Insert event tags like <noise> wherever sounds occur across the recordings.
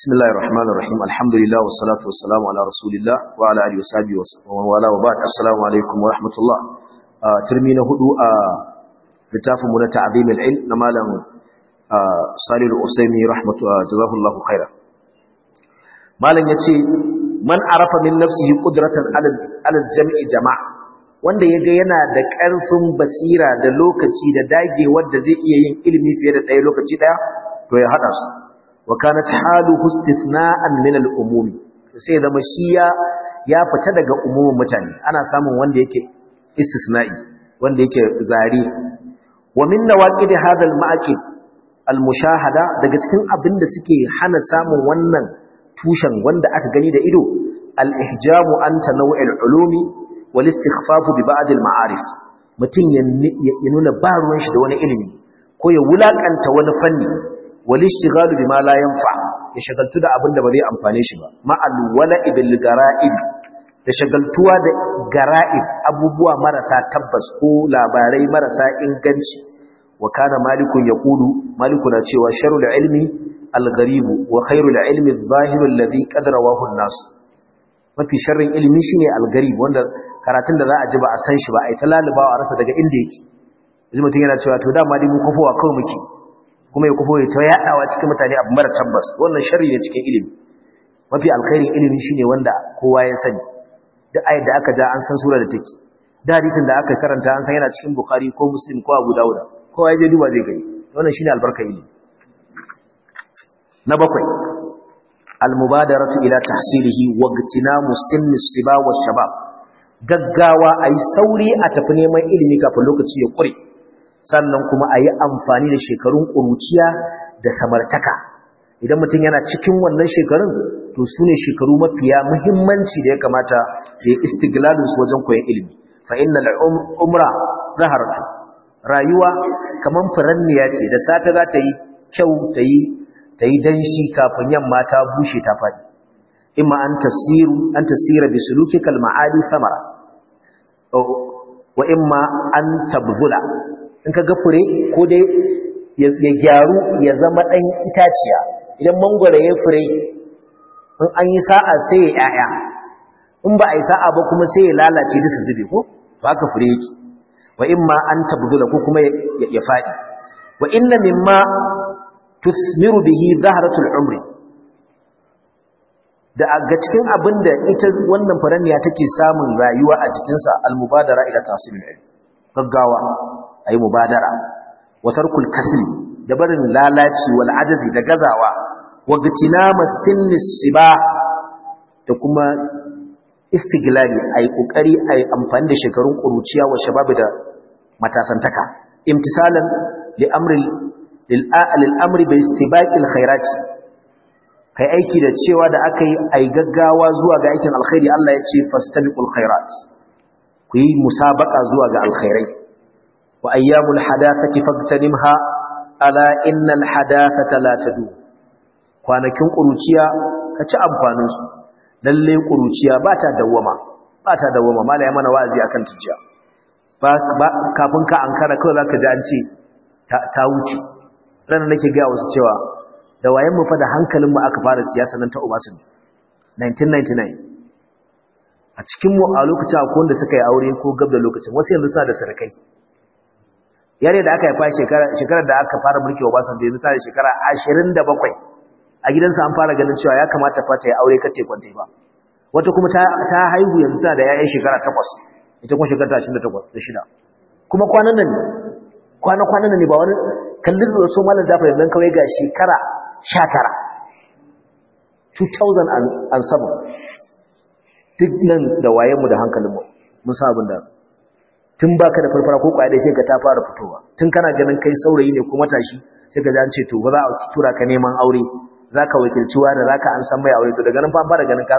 بسم الله الرحمن الرحيم الحمد لله والصلاة والسلام على رسول الله وعلى آله وصحبه وعلى وبعد السلام عليكم ورحمة الله ترمينا هدوء لتاف من تعظيم العلم نمالا صالح الأسيمي رحمة جزاه الله خيرا مالا يتي من عرف من نفسه قدرة على الجمع جماعة wanda ya ga yana da ƙarfin basira da lokaci da dagewar da zai iya yin ilimi fiye da ɗaya lokaci ɗaya to ya haɗa su wa kanat haluhu istithna'an min al-umumi sai zama shi ya ya fita daga umumin mutane ana samun wanda yake istisna'i wanda yake zari wa min nawaqid hadha al al-mushahada daga cikin abin da suke hana samun wannan tushen wanda aka gani da ido al-ihjamu an tanawu' al-ulumi wal istikhfafu bi ba'd al-ma'arif mutum ya nuna ba ruwan shi da wani ilimi ko ya wulakanta wani fanni wal ishtighal bima la yanfa ya shagaltu da abin da ba zai amfane shi ba ma'al wala'i bil gara'ib da shagaltuwa da gara'ib abubuwa marasa tabbas ko labarai marasa inganci wa kana malikun yaqulu Maliku na cewa sharul ilmi al gharibu wa khairul ilmi al zahir alladhi qad rawahu an nas mafi sharrin ilmi shine al gharib wanda karatun da za a ji ba a san shi ba ai ta rasa daga inda yake yanzu mutum yana cewa to dama Malibu mu kofowa kawai muke kuma ya kufo ya ta yaɗawa cikin mutane abu mara tabbas wannan sharri ne cikin ilimi mafi alkhairin ilimi shine wanda kowa ya sani duk ayat da aka ja an san sura da take da hadisin da aka karanta an san yana cikin bukhari ko muslim ko abu kowa ya je duba zai gani wannan shine albarkar ilimi na bakwai almubadaratu ila tahsilihi wa igtinamu sinni wa shabab gaggawa ai sauri a tafi neman ilimi kafin lokaci ya kure sannan kuma a yi amfani da shekarun ƙuruciya da samartaka idan mutum yana cikin wannan shekarun to su ne shekaru mafiya muhimmanci da ya kamata ya yi wajen koyon ilimi fa’in na um, umra zaharatu rayuwa kamar furanniya ce da sata za ta yi kyau ta yi ta yi danshi kafin yamma ta bushe ta faɗi ima an tasira bi suluki kal ma'adi samara wa imma an tabzula in ka ga fure ko dai ya gyaru ya zama ɗan itaciya idan mangwara ya fure in an yi sa'a sai ya ‘ya'ya in ba a yi sa'a ba kuma sai ya lalace su zube ko ba ka fure yake wa in ma an tabdula ko kuma ya faɗi wa inna mimma tusmiru bihi zaharatul umri da ga cikin abinda ita wannan faranniya take samun rayuwa a jikinsa almubadara ila tasirin gaggawa a yi mubadara wa tarkul kasli da barin lalaci wal ajazi da gazawa wa gitinama sinnis shiba da kuma istiglali a yi ƙoƙari a yi amfani da shekarun ƙuruciya wa shababi da matasantaka imtisalan lil'amri bai istibaƙil khairati kai aiki da cewa da aka yi a gaggawa zuwa ga aikin alkhairi Allah ya ce fastabiqul khairat ku yi musabaka zuwa ga alkhairai wa ayyamul hadathati fagtanimha ala innal hadathata la tadu kwanakin kuruciya ka ci amfanin su lalle kuruciya ba ta dawwama ba ta dawwama malaya mana wa'azi akan tijja ba kafin ka ankara kawai zaka ji an ce ta wuce Rana nake ga wasu cewa da wayen mu fa da hankalin mu aka fara siyasa nan ta ubasin 1999 a cikin mu a lokacin akwai wanda suka yi aure ko gabda da lokacin wasu yanzu suna da sarkai yare da aka haifa shekarar da aka fara mulki Obasanjo yanzu tana da shekara 27 a gidansa an fara ganin cewa ya kamata fa ta yi aure kar ta kwanta ba wata kuma ta haihu yanzu tana da yayan shekara 8 ita kuma shekara 26 kuma kwanan nan kwana kwanan nan ne ba wani kallin da so malam Jafar yanzu kawai ga shekara 19 2007 duk nan da wayenmu da hankalinmu mun san abin da tun baka da farfara ko kwaya shi ka ta fara fitowa tun kana ganin kai saurayi ne ko matashi sai ka ji to ba za a tura ka neman aure Za ka wakilci za ka an san mai aure to daga nan fa fara ganin ka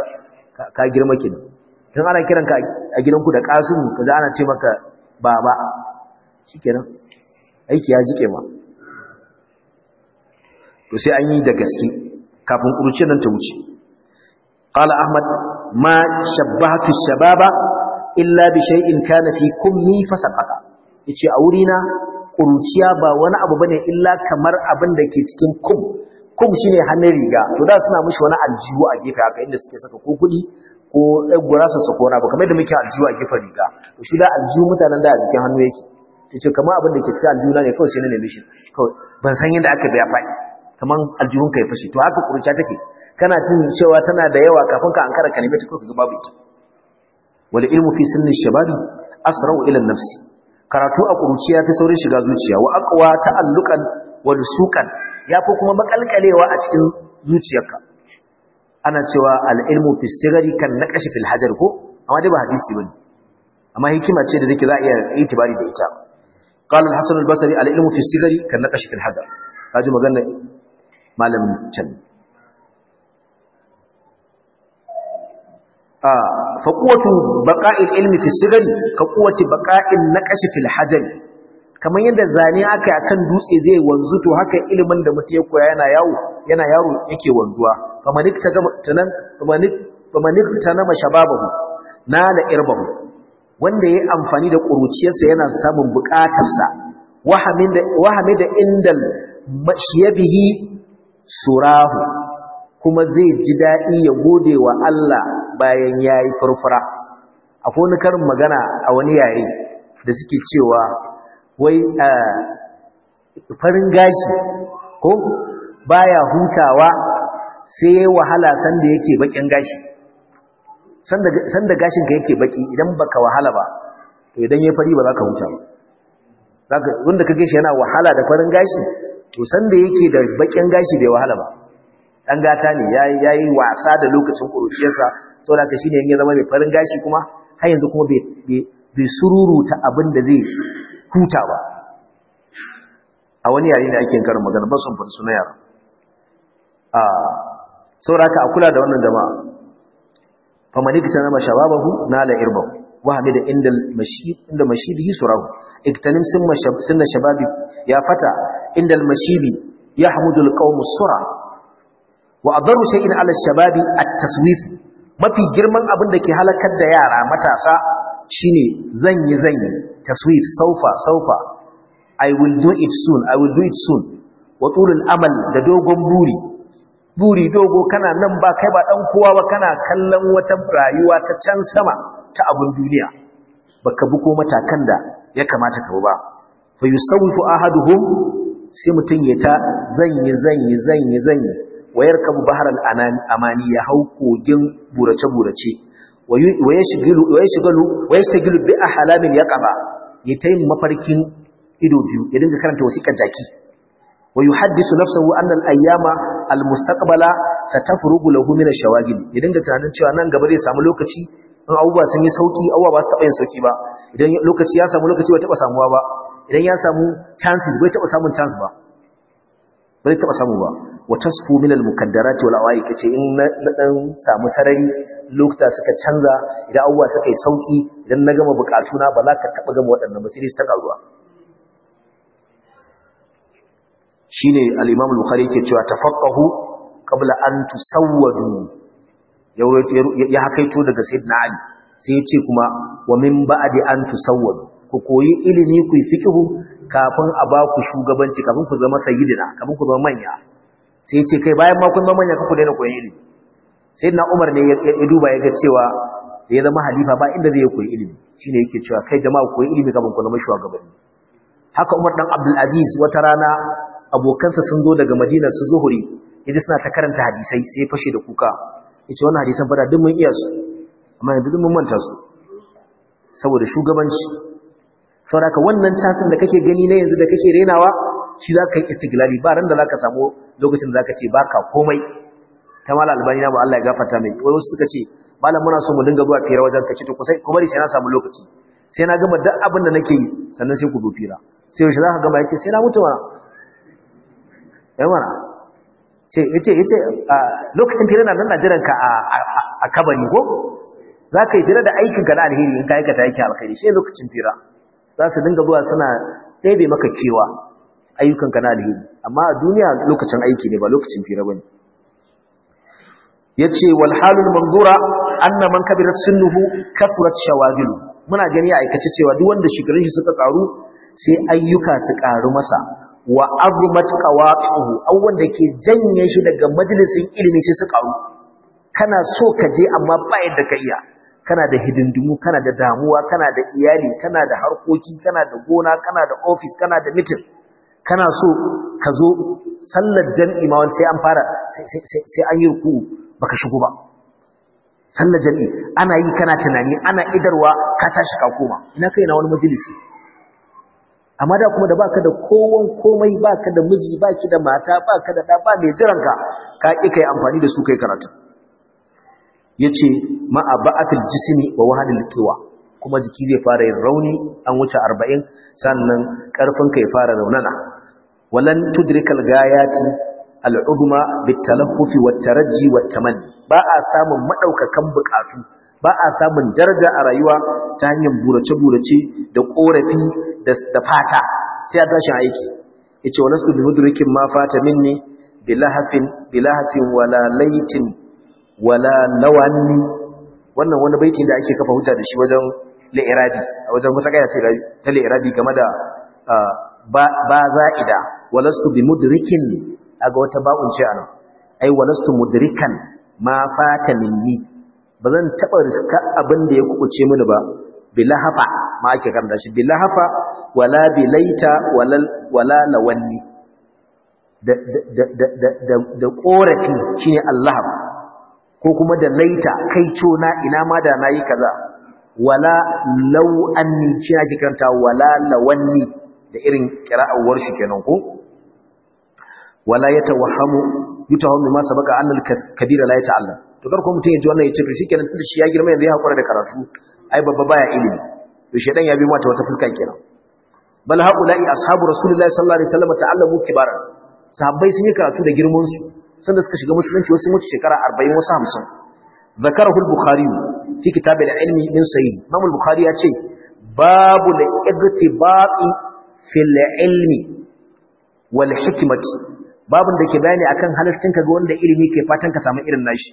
ka girma kenan tun ana kiran ka a gidanku da kasum ka ji ana ce maka baba shikenan aiki ya jike ma to sai an yi da gaske kafin kurci nan ta wuce qala ahmad ma shabbahatu shababa illa bi shay'in kana fi kummi fasaqata yace a wurina kuruciya ba wani abu bane illa kamar abin da ke cikin kum kum shine hannun riga to da suna mishi wani aljihu a gefe haka inda suke saka ko kudi ko ɗan gurasa su kona ba kamar da muke aljihu a gefen riga to shi da aljihu mutanen da a jikin hannu yake Yace kamar abin da ke cikin aljihu na ne kawai sai na nemi shi kawai ban san yadda aka biya faɗi kamar aljihun ka ya fashe to haka kurciya take kana cin cewa tana da yawa kafin ka ankara ka nemi ta kawai ka ga babu ita Wani ilmu fi sinni shabari? asra'u ila nafsi karatu a kuruciya fi saurin shiga zuciya wa aqwa ta'alluqan wa lusukan yafi kuma makalkalewa a cikin zuciyarka ana cewa al ilmu fi sigari kan naqash fil hajar ko amma dai ba hadisi bane amma hikima ce da take za a iya itibari da ita قال Basari, البصري العلم في kan كالنقش في الحجر kaji magana malamin can faƙuwatu baƙa'in ilmi fi sigari ka ƙuwace baƙa'in na ƙashi fil kamar yadda zane aka a kan dutse zai wanzu to haka ilimin da mutum ya koya yana yawo yana yaro yake wanzuwa famanik ta nama shababahu na da wanda ya yi amfani da ƙuruciyarsa yana samun buƙatarsa wahame da indal mashiyabihi surahu kuma zai ji daɗi ya gode wa Allah bayan ya yi furfura akwai wani karin magana a wani yare da suke cewa wai farin gashi ko baya hutawa sai ya wahala sanda yake bakin gashi sanda gashinka yake baki idan baka wahala ba to idan ya fari ba za ka huta ba wanda ka gashi yana wahala da farin gashi to sanda yake da bakin gashi bai wahala ba dan gata ne ya yi wasa da lokacin kuruciyarsa da ka shine ya zama mai farin gashi kuma har yanzu kuma bai sururuta abin da zai huta ba a wani yare da ake karin magana ba sun fara suna yara a so da a kula da wannan jama'a fa malika sana mashababahu nala inda وهمد عند المشيب عند مشيبه sun sunna shababi Ya fata فتى عند ya يحمد القوم surah wa adaru shay'in ala shababi at-taswif mafi girman abin da ke halakar da yara matasa shine zanyi zanyi taswif saufa saufa i will do it soon i will do it soon wa tulul amal da dogon buri buri dogo kana nan ba kai ba dan kowa ba kana kallon wata rayuwa ta can sama ta abun duniya baka bi ko matakan da ya kamata ka ba fa yusawwifu ahaduhum sai mutun ya ta zanyi zanyi zanyi zanyi wayar kabu baharan amani ya hau kogin burace-burace shi shigalu bi a halamin ya ƙaba ya ta yin mafarkin ido biyu ya dinga karanta wasiƙar jaki wa yi haddisu nafsahu annal ayyama almustaqbala satafrugu lahu min ash-shawagil ya dinga tunanin cewa nan gaba zai samu lokaci in abubuwa sun yi sauki abubuwa ba su taɓa yin sauki ba idan lokaci ya samu lokaci bai taɓa samuwa ba idan ya samu chances bai taɓa samun chance ba ba taɓa samu ba wa tasfu min al mukaddarati wal awaiq ce in na ɗan samu sarari lokuta suka canza idan abubuwa suka yi sauki idan na gama bukatu na ba za ka taɓa gama waɗannan ba sai ta karuwa shine al imam al bukhari ke cewa tafaqqahu qabla an tusawwadu ya hakaito daga sayyidina ali sai ya ce kuma wa min ba'di an tusawwadu ku koyi ilimi ku yi kafin a ba ku shugabanci kafin ku zama sayyidina kafin ku zama manya sai ce kai bayan ma kun zama manya ku daina koyi ilimi Sai na Umar ne ya duba ya ga cewa da ya zama halifa ba inda zai koyi ilimi shine yake cewa kai jama'a koyi ilimi kafin ku zama shugabanni haka Umar dan Abdul Aziz wata rana abokansa sun zo daga Madina su zuhuri yaji suna ta karanta hadisai sai fashe da kuka yace wannan hadisan fara dukkan mun iya su amma yanzu duk mun manta su saboda shugabanci saboda wannan casin da kake gani na yanzu da kake renawa shi za ka yi istiglali ba ran da za ka samu lokacin da za ka ce ba ka komai ta mala albani na ba Allah ya gafata mai wai wasu suka ce malam muna so mu dinga zuwa fira wajen kace to kusai kuma sai na samu lokaci sai na gama duk abin da nake yi sannan sai ku zo fira sai yaushe za ka gama yace sai na mutu mana ya mana ce yace yace lokacin fira na nan na jiran ka a kabari ko za ka yi fira da aikin ka na alheri in ka aikata yake alheri shi lokacin fira za su dinga zuwa suna ɗebe maka kewa ayyukanka na alheri amma a duniya lokacin aiki ne ba lokacin fira Ya ce walhalun halul an na man kabirat sunnuhu kasrat shawagilu muna gani a aikace cewa duk wanda shekarun shi suka karu sai ayyuka su karu masa wa azmat qawaqihu aw wanda ke janye shi daga majalisin ilimi sai su karu kana so ka je amma ba yadda ka iya kana da hidindimu kana da damuwa kana da iyali kana da harkoki kana da gona kana da office kana da meeting kana so ka zo sallar jami'a ma wani sai an fara sai an yi ruku baka shigo ba sallar jam'i ana yi kana tunani ana idarwa ka tashi ka koma ina kai na wani majalisi amma da kuma da baka da kowan komai baka da miji baki da mata baka da da ba mai jiranka ka ki kai amfani da su kai karatu yace ma'a ba'atul jismi wa wahadul qiwa kuma jiki zai fara yin rauni an wuce 40 sannan karfin kai fara raunana walan tudrikal gayati al'uzma bitalaffufi wataraji wattamanni ba a samun madaukakan bukatu ba a samun daraja a rayuwa ta hanyar burace-burace da korafi da fata sai a tashi aiki yace walas bi mudrikin ma fata minni bilahafin bilahafin wala laitin wala lawanni wannan wani baiti da ake kafa hujja da shi wajen li'irabi a wajen wata gaya ta li'irabi game da ba za'ida walastu bi mudrikin ga wata ba'un ce ana ai walastu mudrikan ma fata minni zan taɓa riska abin da ya kubuce mini ba bilahafa ma ake karanta shi bilahafa wala bilaita wala wala lawanni da da da da da shine ko kuma da laita kai na ina ma da nayi kaza wala law anni shi ake karanta wala lawanni da irin kira'awar shi kenan ko wala ya yatawahhamu yatawahhamu ma sabaka an al-kabira la ta'alla. to kar ko mutun ya ji wannan ya ce to shikenan tun shi ya girma yanzu ya hakura da karatu ai babba baya ilimi to shedan ya bi mata wata fuska kenan bal haula'i ashabu rasulullahi sallallahu alaihi wasallam ta'allamu kibaran sahabbai sun yi karatu da girman su sanda suka shiga musulunci wasu mutu shekara arba'in, wasu hamsin. zakarahu al-bukhari fi kitab al-ilmi sayi. sayyid imam al-bukhari ya ce babu al-igtibaqi fil ilmi wal hikmati babun da ke bayani akan halaccin ka ga wanda ilimi ke fatan ka samu irin nashi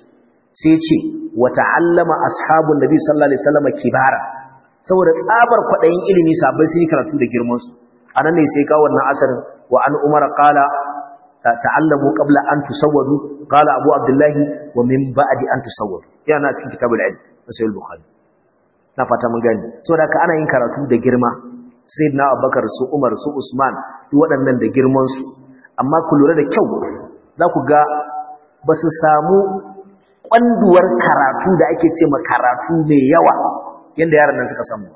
sai ya ce wa ta'allama ashabun nabi sallallahu alaihi wasallam kibara saboda tsabar kwadayin ilimi sabai sun yi karatu da girman su anan ne sai kawo wannan asarin wa an umar qala ta'allamu qabla an tusawwadu qala abu abdullahi wa min ba'di an tusawwadu yana cikin kitabul ilm sahih bukhari na fata mun gani saboda ka ana yin karatu da girma sayyidina abubakar su umar su usman duk waɗannan da girman su amma ku lura da kyau za ku ga ba su samu kwanduwar karatu da ake ce ma karatu mai yawa yanda yaran nan suka samu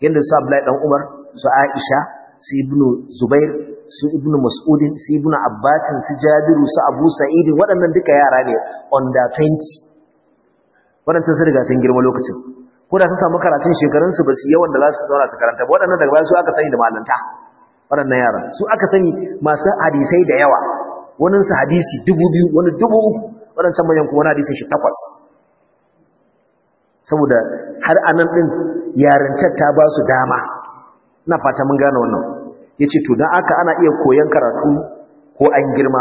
yanda su Abdullahi dan Umar su Aisha su Ibnu Zubair su ibnu mas'udin su ibnu abbasin su jabiru su abu sa'idin waɗannan duka yara ne on da 20 waɗancan su riga sun girma lokacin ko da sun samu karatun shekarunsu ba su yawan da za su zauna su karanta ba waɗannan daga baya su aka sani da malanta waɗannan yara su aka sani masu hadisai da yawa wanin su hadisi dubu biyu wani dubu uku waɗancan manyan kuma wani hadisin shi takwas saboda har anan ɗin yarantar ta ba su dama na fata mun gane wannan ya ce to na aka ana iya koyon karatu ko an girma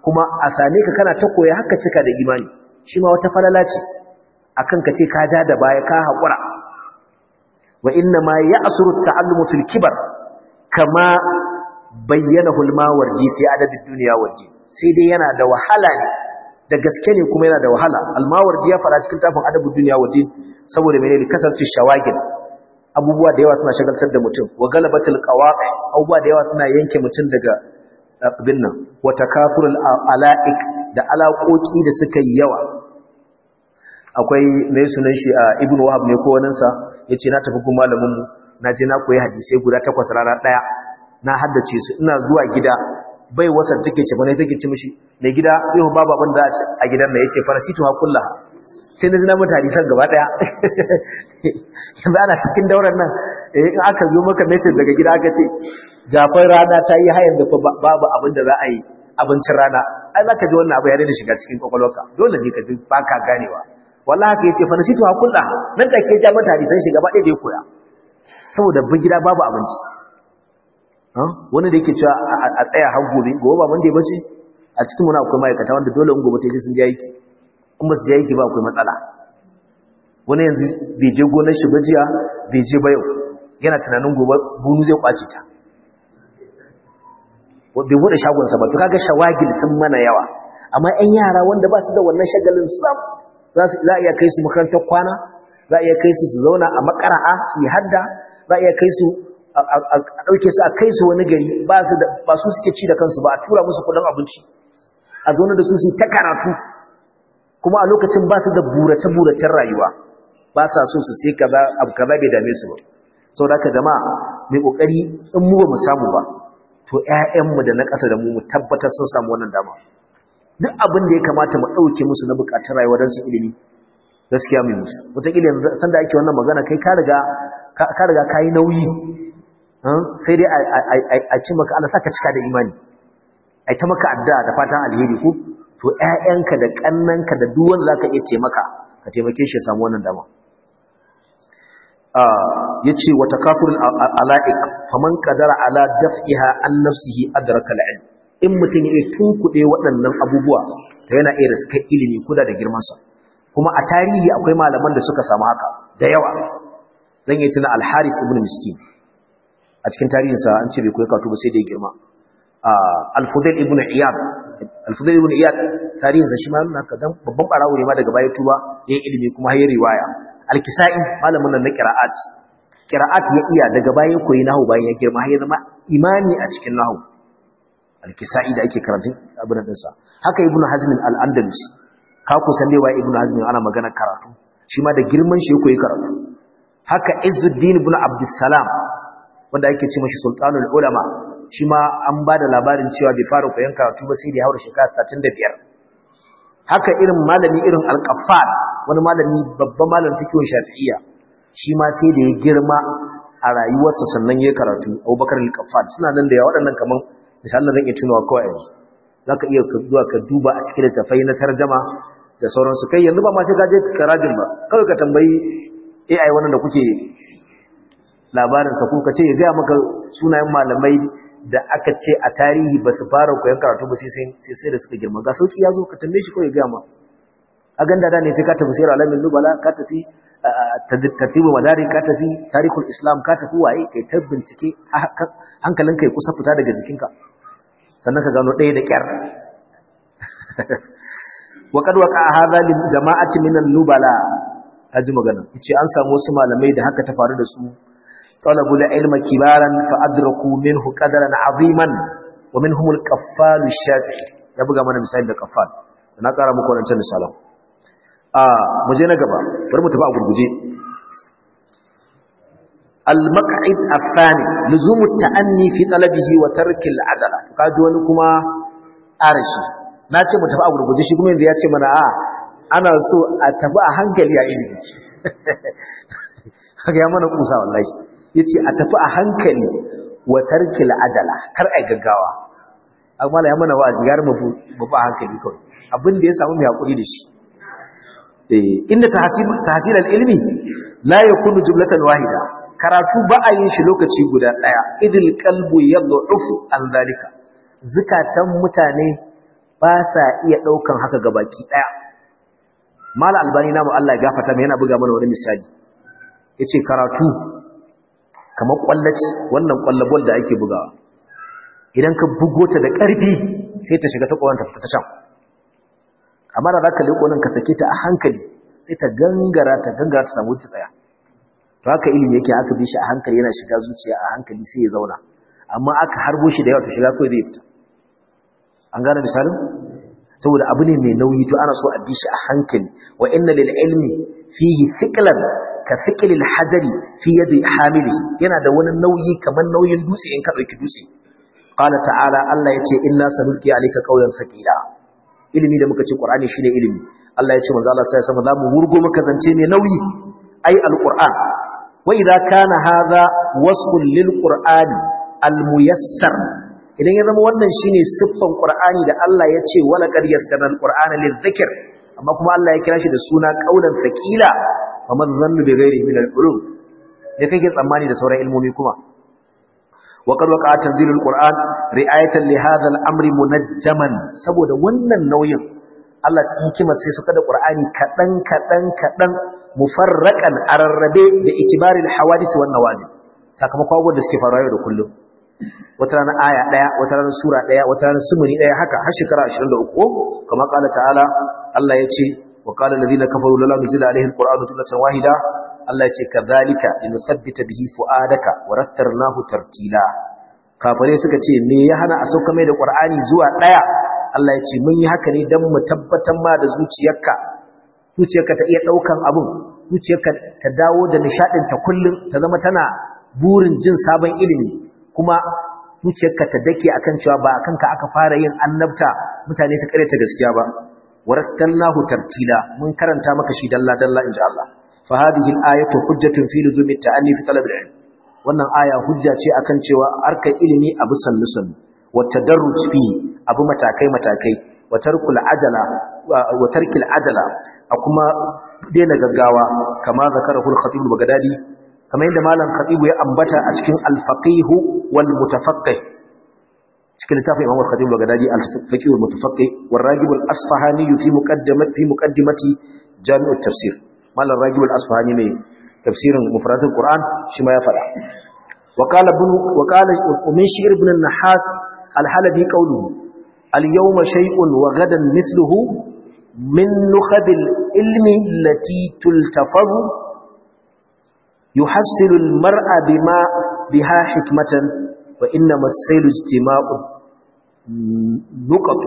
kuma a same ka kana ta koya haka cika da imani shi ma wata falala ce a kan ka ce ka ja da baya ka haƙura wa inna ma ya asuru ta'allumu fil kibar kama bayyana hulmawar ji fi adadin duniya warji sai dai yana da wahala ne da gaske ne kuma yana da wahala almawar ya fara cikin tafin adabin duniya waje saboda menene kasance shawagin abubuwa da yawa suna shagaltar da mutum wa galabatul qawaqi abubuwa da yawa suna yanke mutum daga abin nan wa takafurul alaik da alaƙoƙi da suka yi yawa akwai mai sunan shi a ibnu wahab ne ko wani sa yace na tafi kuma malamin mu na je na koyi hadisi guda takwas rana daya na haddace su ina zuwa gida bai wasa take ce bane take ci mishi mai gida yau babu abin da a gidan nan yace farasitu hakullaha sai na zina mata hadisan gaba daya yanzu ana cikin dauran nan eh, in aka zo maka message daga gida aka ce zafin rana ta yi hayan da babu abin da za a yi abincin rana ai za ka ji wannan abu ya daina shiga cikin kwakwalwarka dole ne ka ji ba ka ganewa wallahi haka yace fa nasitu hakulla nan take ke ja mata hadisan shi gaba daya da ya koya saboda bin gida babu abinci wani da yake cewa a tsaya har gobe gobe ba mun da ya bace a cikin muna akwai ma'aikata wanda dole in gobe ta sai sun je aiki in ba su je aiki ba akwai matsala wani yanzu bai je gonar shi ba jiya bai je ba yau yana tunanin gobe bunu zai kwace ta bai bude shagonsa ba to kaga shawagil sun mana yawa amma 'yan yara wanda ba su da wannan shagalin sam za a iya kai su makarantar kwana za a iya kai su su zauna a makara'a su yi hadda za a iya kai su a ɗauke su a kai su wani gari ba su suke ci da kansu ba a tura musu kuɗin abinci a zaune da su su ta karatu kuma a lokacin ba su da burace-buracen rayuwa ba sa so su sai kaza abu kaza bai dame su ba sau da ka jama'a mai kokari in mu ba mu samu ba to 'ya'yanmu da na ƙasa da mu mu tabbatar sun samu wannan dama duk abin da ya kamata mu ɗauke musu na buƙatar rayuwa don su ilimi gaskiya mai musu wataƙila san da ake wannan magana kai ka riga ka riga ka yi nauyi hmm, sai dai a ci maka sa cika da imani a ta maka addu'a da fatan alheri ko to ƴaƴanka da ƙannanka da duk za ka iya taimaka ka taimake shi ya samu wannan dama ah, yace wa takafurun ala'iq faman qadara ala daf'iha an nafsihi adraka al'ilm in mutum ya tunkuɗe waɗannan abubuwa ta yana iya riskar ilimi kuda da girman sa kuma a tarihi akwai malaman da suka samu haka da yawa zan yi tuna al ibn miskin a cikin tarihinsa an ce bai koyi karatu ba sai da ya girma ah, al-fudail ibn iyad alfudai ibn iyad tarihinsa shi ma nuna kadan babban barawo ne ma daga baya tuba ya yi ilimi kuma ya riwaya alkisa'i malamin nan na qira'at qira'at ya iya daga baya ya koyi nahu bayan ya girma har ya zama imani a cikin nahu alkisa'i da ake karatun abin da sa haka ibn hazm al-andalus ka ku san dai wa ibn hazm ana magana karatu shi ma da girman shi ya koyi karatu haka Izuddin ibn abdussalam wanda ake ce mashi sultanul ulama shi ma an ba da labarin cewa bai fara koyon karatu ba sai da ya haura shekara 35 da biyar haka irin malami irin alƙafal wani malami babban malamin fikihun shafi'iyya shi ma sai da ya girma a rayuwarsa sannan ya karatu abubakar alƙafal suna nan da yawa waɗannan kamar misalin zan iya tunawa kawai yanzu za ka iya zuwa ka duba a cikin littattafai na tarjama da sauransu kai yanzu ba ma sai ka je karajin ba kawai ka tambayi AI wannan da kuke labarinsa ko ka ce ya gaya maka sunayen malamai da aka ce a tarihi ba su fara koyon karatu ba sai sai da suka girma ga sauki ya zo ka tambaye shi ko gaya ma a ganda da ne sai ka tafi sayar alamin lubala ka tafi tartibu madari ka tafi tarihul islam ka tafi waye kai ta bincike hankalin ya kusa fita daga jikinka sannan ka gano ɗaya da kyar <laughs> wa kad waqa hadha lil jama'ati min an-nubala haji magana yace an samu wasu malamai da haka ta faru da su طلبوا العلم كبارا فأدركوا منه قدرا عظيما ومنهم الكفال الشافعي يبقى من مثال الكفال أنا قرأ مكونا أنت مثالا مجينا قبا فرمو تبقى برجي المقعد الثاني لزوم التأني في طلبه وترك العجلة قادوا لكما أرشي ناتي متفقى برجي شكمين ذياتي منا آه ana so a tafi a hankali a ilimi haka ya mana kusa wallahi yace a tafi a hankali wa tarkil ajala kar yi gaggawa amma la ya wa'azi gar mu mu ba hankali kawai Abinda ya samu mai hakuri da shi eh, inda ta tahsil ilmi la kunu jumlatan wahida karatu ba a yi shi lokaci guda daya idil kalbu ya yad'ufu an zalika zukatan mutane ba sa iya daukan haka ga baki daya mala albani namu Allah ya gafata mai yana buga mana wani misali yace karatu kamar kwallaci wannan kwallabon da ake bugawa idan ka bugo ta da ƙarfi sai ta shiga ta kwanta ta fita ta can amma da zaka leko nan ka sake ta a hankali sai ta gangara ta gangara ta samu tsaya to haka ilimi yake aka bi shi a hankali yana shiga zuciya a hankali sai ya zauna amma aka harbo shi da yawa to shiga kawai zai fita an gane misalin saboda abu ne mai nauyi to ana so a bi shi a hankali wa inna lil ilmi fihi thiqlan ka fiqlil hajari fi da hamili yana da wani nauyi kamar nauyin dutse in ka dauki dutse qala ta'ala Allah yace inna Ali ka qawlan thaqila ilimi da muka ce qur'ani shine ilimi Allah yace manzo Allah sai sama zamu wurgo muka zance mai nauyi ai alquran wa idza kana hadha wasfun lilqur'ani almuyassar idan ya zama wannan shine siffan qur'ani da Allah yace wala qad yassara alqur'ana lidhikr amma kuma Allah ya kira shi da suna qaulan thaqila kamar zannu bi ghairi min al-ulum da kake tsammani da sauran ilmomi kuma wa qad waqa'a tanzilu al-qur'an ri'ayatan li hadha al-amri munajjaman saboda wannan nauyin Allah cikin hikimar sai suka da Qur'ani kadan kadan kadan mufarraqan ararrabe da itibari al wannan wan nawazil sakamakon abubuwan da suke faruwa yau da kullum wata rana aya daya wata rana sura daya wata rana sumuni daya haka har shekara 23 kuma kala ta'ala Allah ya ce wa qala alladhina kafaru la nuzila alayhi alqur'anu jumlatan wahida Allah ya ce kadhalika linuthabbita bihi fuadaka wa rattarnahu tartila kafare suka ce me ya hana a sauka mai da qur'ani zuwa daya Allah ya ce mun yi haka ne dan mu tabbatar ma da zuciyarka zuciyarka ta iya daukan abun zuciyarka ta dawo da nishadin ta kullun ta zama tana burin jin sabon ilimi kuma zuciyarka ta dake akan cewa ba akan ka aka fara yin annabta mutane ta kare ta gaskiya ba warattalnahu tartila mun karanta maka shi dalla dalla inji Allah fa hadhihi al-ayatu hujjatun fi luzumi at-ta'anni fi talab al-ilm wannan aya hujja ce akan cewa arkan ilimi abu sannusun wa tadarruj fi abu matakai matakai wa tarkul ajala wa tarkil ajala a kuma daina gaggawa kama zakarahu al-khatib al-baghdadi kamar malam khatib ya ambata a cikin al-faqih wal mutafaqqih cikin littafin Imam Al-Khatib al-Baghdadi al-Fiqh al-Mutafaqqi wal Ragib al-Asfahani fi muqaddimati fi muqaddimati Jami' al-Tafsir malam Ragib al-Asfahani ne tafsirin mufradul Qur'an shi ma ya faɗa wa qala ibn wa qala min shi'r ibn an-Nahas al-Halabi qawluhu al-yawma shay'un wa ghadan mithluhu min nukhadil ilmi allati tultafazu yuhassilu al-mar'a bima biha hikmatan fa inna masailu ijtima'u nuqat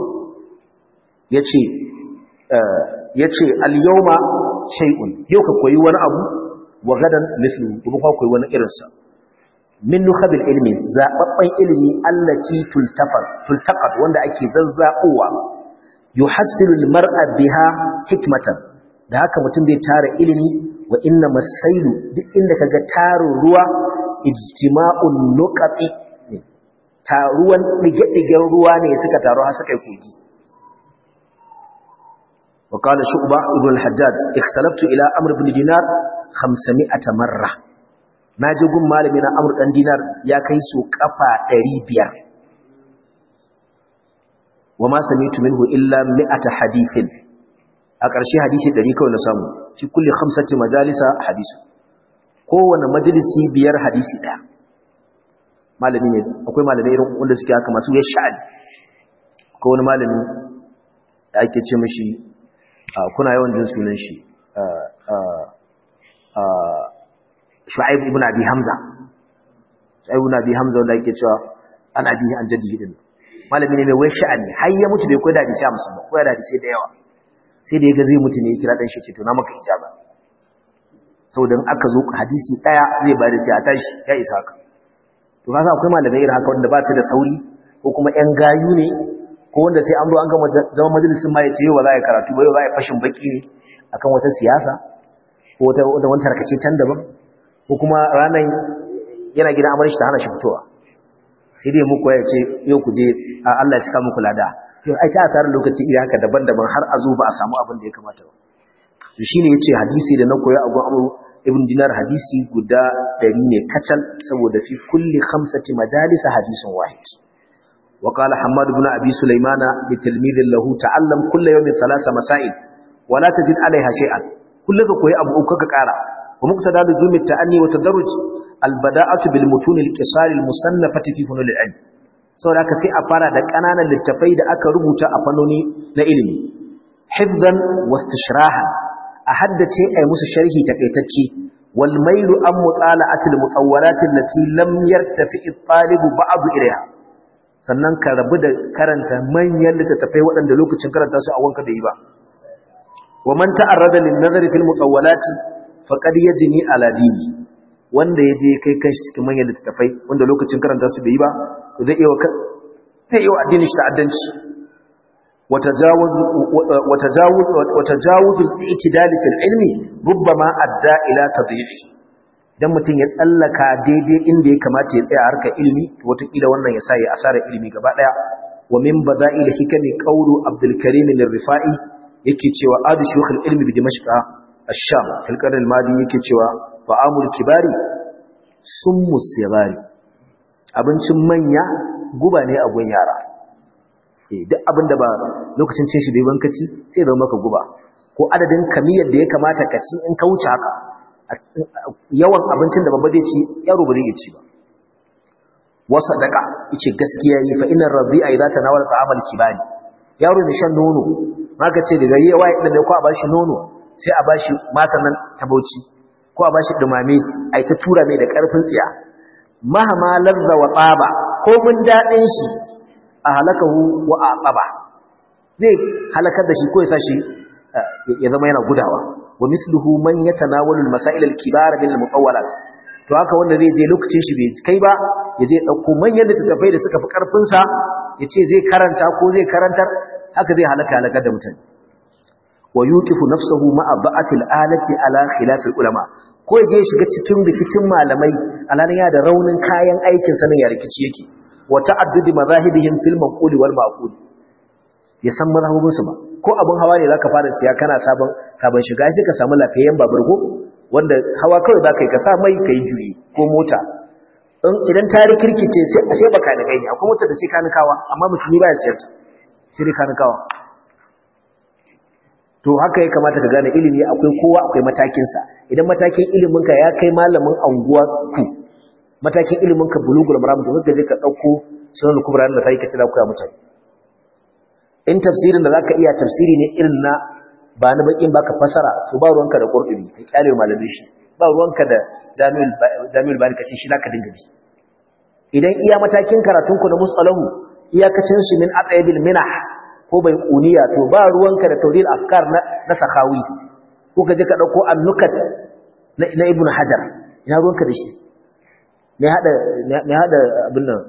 yace eh, yace al-yawma shay'un yau ka koyi wani abu wa gadan mithlu gobe ka koyi wani irinsa. min nukhabil ilmi zaɓaɓɓen ilmi allati tultafar wanda ake zazzaɓowa yuhassilu al-mar'a biha hikmatan da haka mutum zai tara ilimi wa inna masailu duk inda kaga tarin ruwa ijtima'un nuqati taruwan ɗige-ɗigen ruwa ne suka taru har suka yi kogi وقال شعبة ابن الحجاج اختلفت إلى أمر بن دينار خمسمائة مرة ما جاءكم مال من أمر بن دينار يا كيسو كفا أريبيا وما سمعت منه إلا مئة حديث أقرشي حديث دريكا ونسامو في كل خمسة مجالس حديث كون مجلسي بير حديث ده malami ne akwai malamai irin wanda suke haka masu ya sha'ani ko wani malami da ake ce mashi kuna yawan jin sunan shi shu'aib ibn abi hamza shu'aib ibn abi hamza wanda ake cewa ana bihi an jaddi hidin malami ne mai wai sha'ani har ya mutu bai koyi da hadisi amsa ba koyi da hadisi da yawa sai da ya ga zai mutu ne ya kira dan shi ce to na maka ijaza saboda aka zo hadisi daya zai bayar da ce a tashi ya isa ka to kaga akwai malamai irin haka wanda ba su da sauri ko kuma ƴan gayu ne ko wanda sai an zo an gama zama majalisin ma ya ce yau ba za a yi karatu ba yau za a yi fashin baki akan wata siyasa ko wata wani tarkace can daban ko kuma ranar yana gida amurci ta hana shi fitowa sai dai muku ya ce yau ku je Allah ya cika muku lada to ai ta asarar lokaci iri haka daban-daban har a zo ba a samu abin da ya kamata ba shi ne ya ce hadisi da na koya a gun Ibin dinar hadisi guda ɗari ne kacal saboda fi kulli khamsati majalisa hadisin wahid wa qala hammad ibn abi sulaimana bi tilmidin lahu ta'allam kullu yawmin thalatha masail wa la tajid alaiha shay'an kullu ka koyi abu ka kara wa muqtada lazumi ta'anni wa tadarruj al bada'atu bil mutun al qisar al musannafati fi funul ilm saboda ka sai a fara da kananan littafai da aka rubuta a fannoni na ilimi hifdan wa istishrahan a haddace ai musu sharhi takaitacce wal mailu an mutala'ati al mutawwalat allati lam yartafi al talib ba'd ilayha sannan ka rabu da karanta manyan littattafai waɗanda lokacin karanta su a wanka bai yi ba wa man ta'arrada lin nazari fil mutawwalat faqad yajni ala dini wanda yaje kai kanshi cikin manyan littattafai wanda lokacin karanta su bai yi ba zai iya zai iya addinin shi ta'addanci وتجاوز الاعتدال في العلم ربما أدى ta تضييعه dan mutum ya tsallaka daidai inda ya kamata ya tsaya harkar ilimi watakila wannan ya sa ya asara ilimi gaba daya wa min bada'il hikami qawlu Abdul Karim al-Rifai yake cewa adu shuhul ilmi bi Dimashq ash-Sham fil qarn al-madi yake cewa fa'amul kibari summus sigari abincin manya guba ne a gun yara Eh, duk abin da ba lokacin cin shi bai ban kaci sai zama maka guba ko adadin kamiyar da ya kamata ka ci in ka wuce haka yawan abincin da babba zai ci yaro ba zai iya ci ba wa sadaka, yace gaskiya yi fa inna rabi'a idza tanawala ta'amal kibani yaro ne shan nono maka ce daga yawa idan ne ko a bashi nono sai a bashi masanan tabauci ko a bashi dumame ai ta tura mai da karfin tsiya mahama ladza wa taba ko mun daɗin shi ahlakahu wa tsaba. zai halakar da shi ko ya sashi eh, ya zama yana gudawa wa misluhu man yatanawalu masailal masail kibara min al to haka wanda zai je lokacin shi bai kai ba ya je dauko manyan littattafai da suka fi karfin sa ya ce zai karanta ko zai karantar haka zai halaka halakar da mutane wa yuqifu nafsuhu ma'a ba'atil alati ala khilafil ulama ko ya je shiga cikin rikicin malamai alalan ya da raunin kayan aikin sanin ya rikici yake wa ta'addudi mazahibihim fil manquli wal maqul ya san mazhabin su ba ko abin hawa ne zaka fara siya kana sabon sabon shiga sai ka samu lafiyayyen babur ko wanda hawa kawai zaka yi ka sa mai kai juyi ko mota in idan tari kirkice sai sai baka da gani akwai mota da sai kanikawa amma musulmi ba ya siya ta sai kanikawa to haka ya kamata ka gane ilimi akwai kowa akwai matakin sa idan matakin ilimin ka ya kai malamin anguwa ku matakin ilimin ka bulugul maram to kaga je ka dauko sunan kubra da sai ka ci da ku ya mutane in tafsirin da zaka iya tafsiri ne irin na ba na bakin baka fasara to ba ruwanka da qur'ani kai kyale malamai shi ba ruwanka da jami'ul jami'ul bani kace shi zaka dinga bi idan iya matakin karatun ku na musalahu iyakacin shi min ataybil minah ko bai kuniya to ba ruwanka da tawdil afkar na na sakawi ko ka je ka dauko annukat na ibn hajar ina ruwanka da shi Mai haɗa abin nan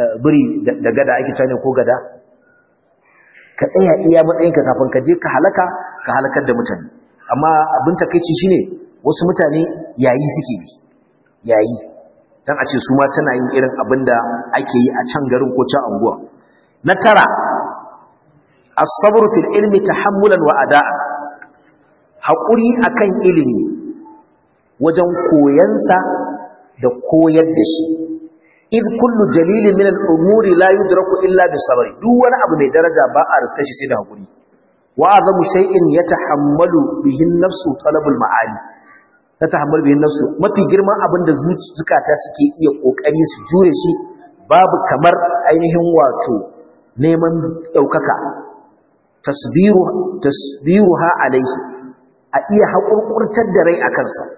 eh, buri da gada ake tane ko gada ka tsaya iya matsayin ka kafin ka je ka halaka ka halakar da mutane amma abin takaici shine wasu mutane yayi suke bi yayi dan a ce su ma suna yin irin abin da ake yi a can garin ko can anguwa na tara as fil ilmi tahammulan wa ada'a haƙuri akan ilimi wajen koyansa da koyar da shi id kullu jalilin min al-umuri la yudraku illa bi sabri duk wani abu mai daraja ba a riska shi sai da hakuri wa azamu shay'in yatahammalu bihi an-nafsu talabul ma'ali tahammalu bihi nafsu mafi girman abin da zukata suke iya kokari su jure shi babu kamar ainihin wato neman daukaka tasbiru tasbiruha alayhi a iya haƙurƙurtar da rai a kansa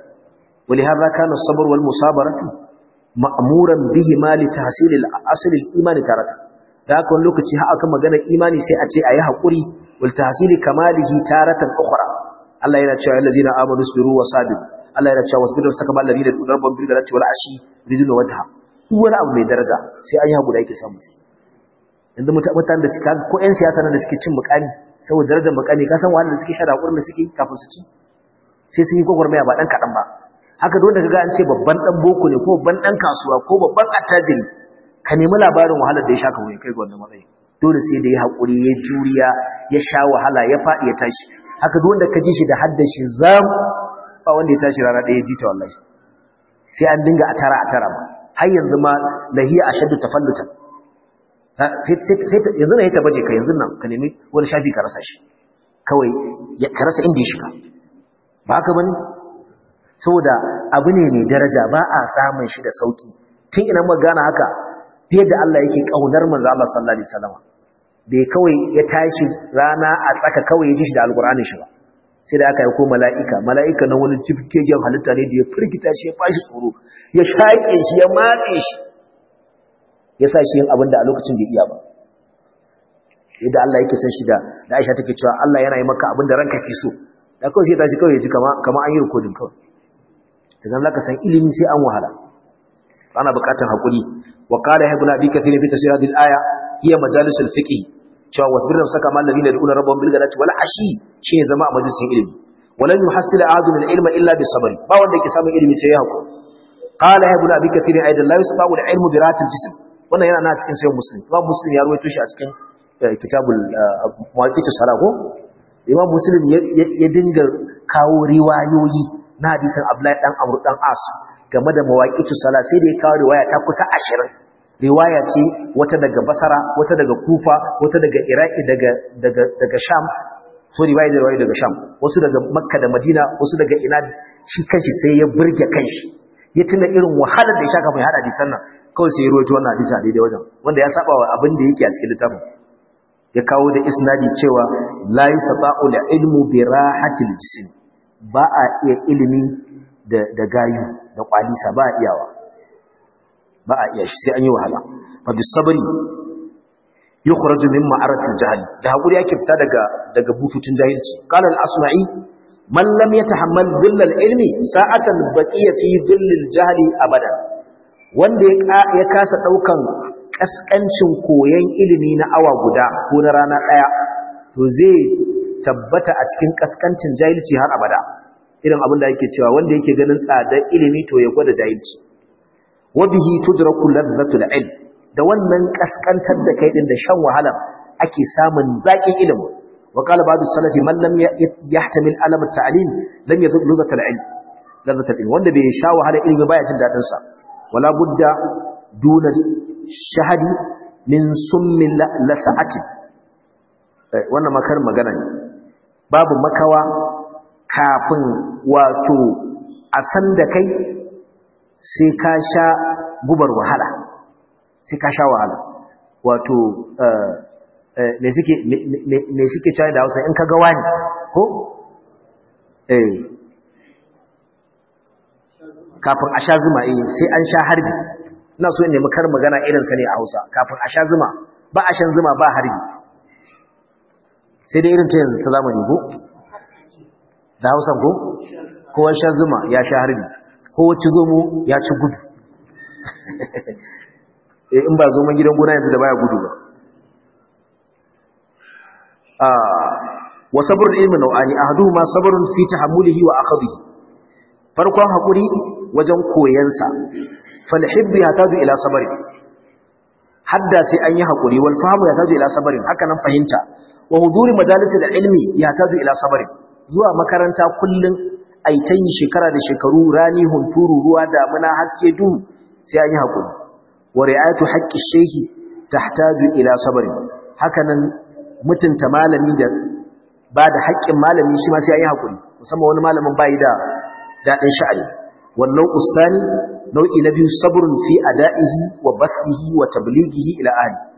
ولهذا كان الصبر والمصابرة مأمورا بهما لتحصيل الأصل الإيمان تارة ذاك اللوكتي هاك مغانا إيماني سيأتي أيها قري ولتحصيل كماله تارة أخرى الله ينتشع الذين آمنوا اصبروا وصابروا الله ينتشع واصبروا سكما الذين ربهم بالغلات والعشي يريدون وجهها wani abu mai daraja sai an yi hagu da ake samu sai yanzu mutane da suka ko 'yan siyasa nan da suke cin mukami saboda darajar mukami ka san wahalar da suke shaida kurin da suke kafin su ci sai sun yi gwagwarmaya ba dan kaɗan ba haka duk wanda kaga an ce babban dan boko ne ko babban dan kasuwa ko babban attajiri ka nemi labarin wahalar da ya shaka wani kai ga wannan matsayi dole sai da ya hakuri ya juriya ya sha wahala ya faɗi ya tashi haka duk wanda ka ji shi da haddashi zam ba wanda ya tashi rana ɗaya ji ta wallahi sai an dinga a tara a tara ma har yanzu ma lahiya ashaddu tafallutan sai yanzu ne ta baje ka yanzu nan ka nemi wani shafi ka rasa shi kawai ka rasa inda ya shiga ba haka bane saboda abu ne mai daraja ba a samun shi da sauki tun ina muka gane haka yadda Allah yake kaunar manzo Allah sallallahu alaihi wasallam bai kawai ya tashi rana a tsaka kawai ya ji shi da alqur'ani shi ba sai da aka yi ko mala'ika mala'ika na wani cifkegen halitta ne da ya firgita shi ya fashi tsoro ya shaƙe shi ya matse shi ya sa shi yin abin da a lokacin da iya ba yadda Allah yake san shi da da Aisha take cewa Allah yana yi maka abin da ranka ke so da kawai sai tashi kawai ya ji kama an yi rikodin kawai daga nan san ilimi sai an wahala ana buƙatar hakuri wa qala ibn abi kathir fi tafsir hadhihi al-aya hiya majalisul fiqh cewa wasbir da saka mal ladina yad'una rabbahum bil ghadati wal ashi shi ne zama a majalisin ilimi walan yuhassila ahadun al-ilma illa bi sabr ba wanda yake samun ilimi sai ya hakuri qala ibn abi kathir aidan la yusba'u al-ilmu bi ratil jism wannan yana na cikin sayyid muslim imam muslim ya ruwaito shi a cikin eh, kitabul eh, muwaqqit salah ko imam muslim ya dinga kawo riwayoyi na hadisin Abdullahi dan Amr dan As game da mawaqitu sala sai da ya kawo riwaya ta kusa 20 riwaya ce wata daga Basra wata daga Kufa wata daga Iraki daga daga daga Sham so riwaya da riwaya daga Sham wasu daga Makka da Madina wasu daga ina shi kanshi sai ya burge kanshi ya tuna irin wahalar da ya shaka mai hada hadisan nan kawai sai ya ruwaito wannan hadisi a daidai wajen wanda ya saba wa abin da yake a cikin littafin ya kawo da isnadi cewa la yasta'u al-ilmu bi rahatil jismi ba a iya ilimi da gayu da kwalisa ba a iyawa ba a iya shi sai an yi wahala ba bi yi yukhraju min ma'aratun jihali da hakuri ke fita daga bututun jahilci qala asmai Mallam ya tahammal dillal ilimi ilmi sa'atan ya fi dhilla jihali abada wanda ya kasa ɗaukan ƙasƙancin koyon ilimi na awa guda ko na rana ɗaya to zai tabbata a cikin kaskancin jahilci har abada irin abin da yake cewa wanda yake ganin tsadar ilimi to ya gwada jahilci Wabihi, bihi tudraku ladhatul ilm da wannan kaskantar da kai din da shan wahala ake samun zaƙin ilimi wa qala ba'd salafi man lam yahtamil alam at-ta'lim lam yadhuk ilm ilm wanda bai sha wahala ilimi baya jin dadin sa wala budda duna shahadi min summin lasa'ati eh, wannan makar magana ne babu makawa kafin wato a san da kai sai ka sha gubar wahala sai ka sha wahala wato eh, eh, me suke cewa da hausa in ka gawa ne ko? eh kafin a sha zuma eh sai an sha harbi ina so in nemi kar magana irinsa ne a hausa kafin a sha zuma ba a shan zuma ba harbi sai dai irin ta yanzu ta zamani ko da hausan ko kowa sha zuma ya sha harbi ko wacce zomo ya ci gudu <laughs> eh, in ba zoman gidan gona yanzu da baya gudu ba ah, wa sabrul ilmi nau'ani ma sabrun fi tahammulihi wa akhdhihi farkon hakuri wajen koyansa fal hibbu yataju ila sabri hadda sai an yi hakuri wal fahmu yataju ila sabarin haka nan fahimta wa huduri da ilmi yahtaju ila sabr zuwa makaranta kullum a ta yi shekara da shekaru rani hunturu ruwa damuna haske duhu sai an yi hakuri wa ri'atu haƙƙi shehi tahtaju ila sabr hakanan mutunta malami da ba da haƙƙin malami shi ma sai an yi hakuri musamman wani malamin bai da daɗin sha'ani wannan usani nau'i na biyu saburin fi ada'ihi wa bathihi wa tablighihi ila ahli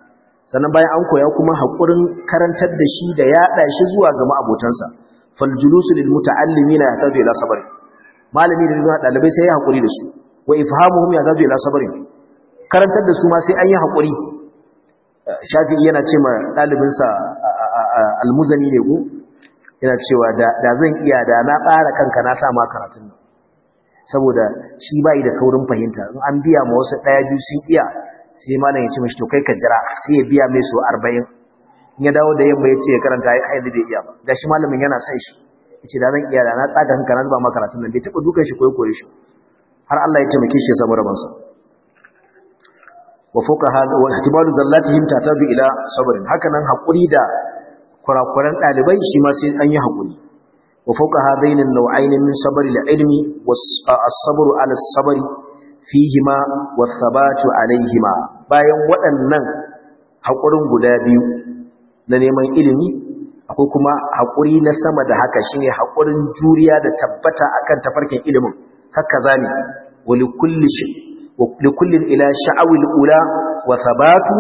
sannan bayan an koya kuma haƙurin karantar da shi da yaɗa shi zuwa ga ma'abotansa Faljulusu julusu lil na yahtaju ila sabr malami da zuwa dalibai sai ya haƙuri da su wa ifhamuhum yahtaju ila sabr karantar da su ma sai an yi haƙuri shafi'i yana ce ma ɗalibinsa almuzani ne ku yana cewa da zan iya da na ɓara kanka na sa ma karatun nan saboda shi bai da saurin fahimta an biya ma wasu ɗaya biyu sun iya sai malam ya ce mishi to kai ka jira sai ya biya mai so 40 in ya dawo da yamma ya ce ya karanta ai ai da iya ba gashi malamin yana son shi yace da zan iya da na tsaga hanka na zuba maka karatun nan bai taba dukan shi ko shi har Allah ya taimake shi ya samu rabansa wa fuka hada wa ihtibadu zallatihim tatadu ila sabrin hakanan hakuri da kurakuran dalibai shi ma sai an yi hakuri wa fuka hadainin nau'ainin min sabri al-ilmi was as-sabru ala as fihima wa sabatu alaihima bayan waɗannan haƙurin guda biyu na neman ilimi akwai kuma haƙuri na sama da haka shine haƙurin juriya da tabbata akan tafarkin ilimin haka zani wa shi likullin ila sha'awil ula wa sabatu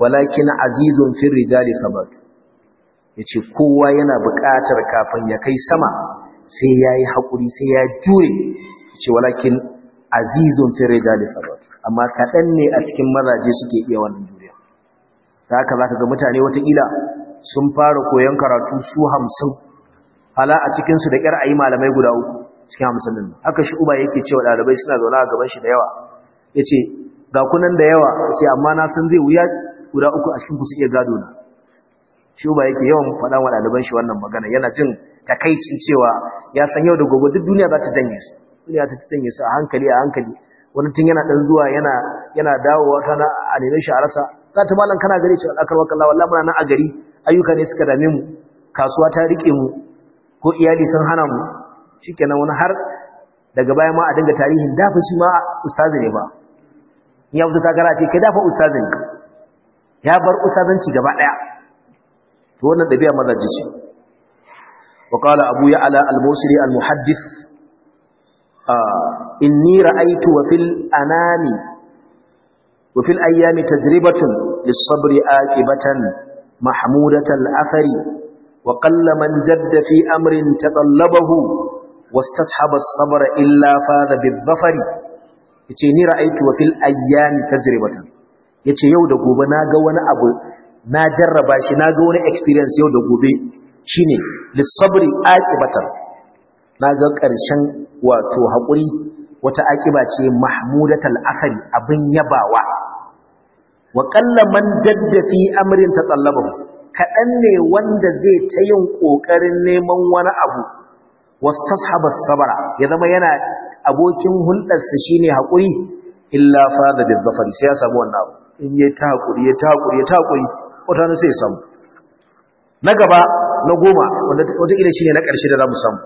walakin azizun fi rijali sabatu yace kowa yana buƙatar kafin ya kai sama sai yayi haƙuri sai ya jure yace walakin azizun fi rijali sabat amma kaɗan ne a cikin mazaje suke iya wannan juriya ta haka zaka ga mutane watakila sun fara koyon karatu su hamsin hala a cikinsu da ƙyar ayi malamai guda uku cikin hamsin nan haka shi uba yake cewa ɗalibai suna zaune a gaban shi da yawa ya ce ga kunan da yawa ce amma na san zai wuya guda uku a cikin ku su iya gado na shi uba yake yawan faɗa wa ɗaliban shi wannan magana yana jin takaicin cewa ya san yau da gobe duk duniya za ta janye su kuliya ta tun ya a hankali a hankali wani tun yana dan zuwa yana yana dawowa ta na a neman shi a rasa za ta malam kana gari cewa akar wakalla wallahi muna nan a gari ayyuka ne suka dame mu kasuwa ta rike mu ko iyali sun hana mu shikenan wani har daga baya ma a dinga tarihin dafa shi ma ustazi ne ba ya fito ta gara ce kai dafa ustazi ne ya bar ustazanci gaba daya to wannan dabi'a mazaji ce وقال أبو يعلى الموسري المحدث inni ra'aitu wa fil anami wa fil ayyami tajribatun lis-sabri aqibatan mahmudatal afari wa qalla man jadda fi amrin tatallabahu wastashaba as-sabra illa fadha bid-dhafari yace ni ra'aitu wa fil ayyami tajribatan yace yau da gobe naga wani abu na jarraba shi na ga wani experience yau da gobe shine lis-sabri aqibatan na ga ƙarshen wato haƙuri wata aƙiba ce mahmudatal akhari abin yabawa wa qalla man jadda fi amrin Kaɗan ne wanda zai ta yin kokarin neman wani abu wastashaba sabara ya zama yana abokin hulɗar sa shine haƙuri illa fada bil zafari sai ya samu wannan abu in yayi ta haƙuri ya ta haƙuri ya ta haƙuri wata ne sai ya samu na gaba na goma wanda wata ila shine na ƙarshe da zamu samu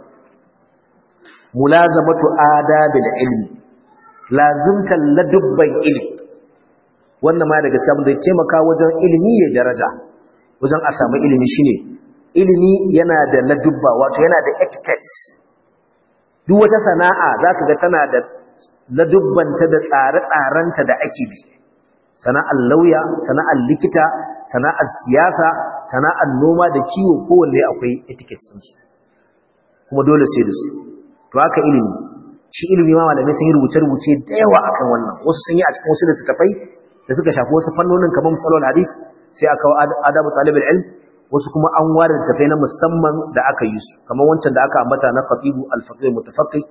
mulazamatu adabil ilmi lazimtan ladubban ilmi wannan ma daga samun da taimaka wajen ilimi ya daraja wajen a samu ilimi shine ilimi yana da ladubba wato yana da etiquette duk wata sana'a zaka ga tana da ladubbanta da tsare-tsarenta da ake bi sana'ar lauya sana'ar likita sana'ar siyasa sana'ar noma da kiwo kowanne akwai etiquette din kuma dole sai da su to haka ilimi shi ilimi ma malamai sun yi rubuce-rubuce da yawa akan wannan wasu sun yi a cikin wasu littattafai da suka shafi wasu fannonin kamar misalol hadif sai aka wa adabu talibul ilm wasu kuma an ware littattafai na musamman da aka yi su kamar wancan da aka ambata na khatibu al-faqih mutafaqqih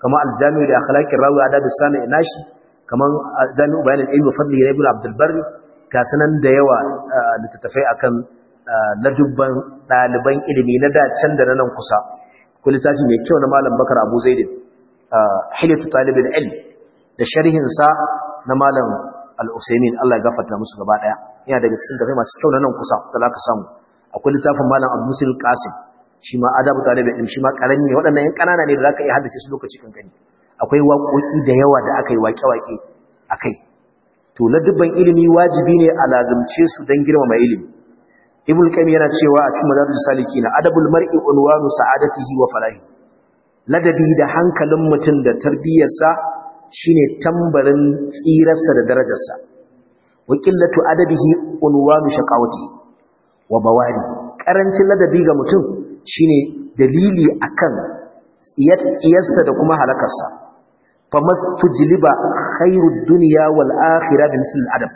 kamar al da li rawi adabu sami nashi kamar jami'u bayan al-ilm fadli ibn abdul barri ga sanan da yawa ah, littattafai akan ah, ladubban ɗaliban ilimi na da can da na nan kusa ko littafi mai kyau na malam bakar abu zaidin hilatu talibin ilm da sharhinsa na malam al-usaimin Allah ya gafarta musu gaba daya yana daga cikin gafe masu kyau na nan kusa da ka samu akwai littafin malam abu musul qasim shi ma adabu talibin ilm shi ma karami waɗannan yan kanana ne da zaka iya haddace su lokaci kankani akwai waƙoƙi da yawa da aka yi waƙe-waƙe akai to ladubban ilimi wajibi ne a lazimce su don girmama ilimi ibn qayyim yana cewa a cikin madarijus saliki na adabul mar'i unwanu sa'adatihi wa falahi ladabi da hankalin mutum da tarbiyarsa shine tambarin tsirarsa da darajarsa wa qillatu adabihi unwanu shaqawati wa bawari karancin ladabi ga mutum shine dalili akan tsiyarsa da kuma halakarsa famastujliba khairud dunya wal akhirah bi misl adab